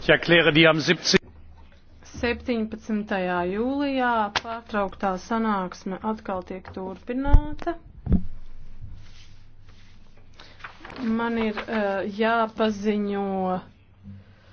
Ich erkläre die am 17. 17. jūlijā pārtrauktā sanāksme atkal tiek turpināta. Man ir uh, jāpaziņo.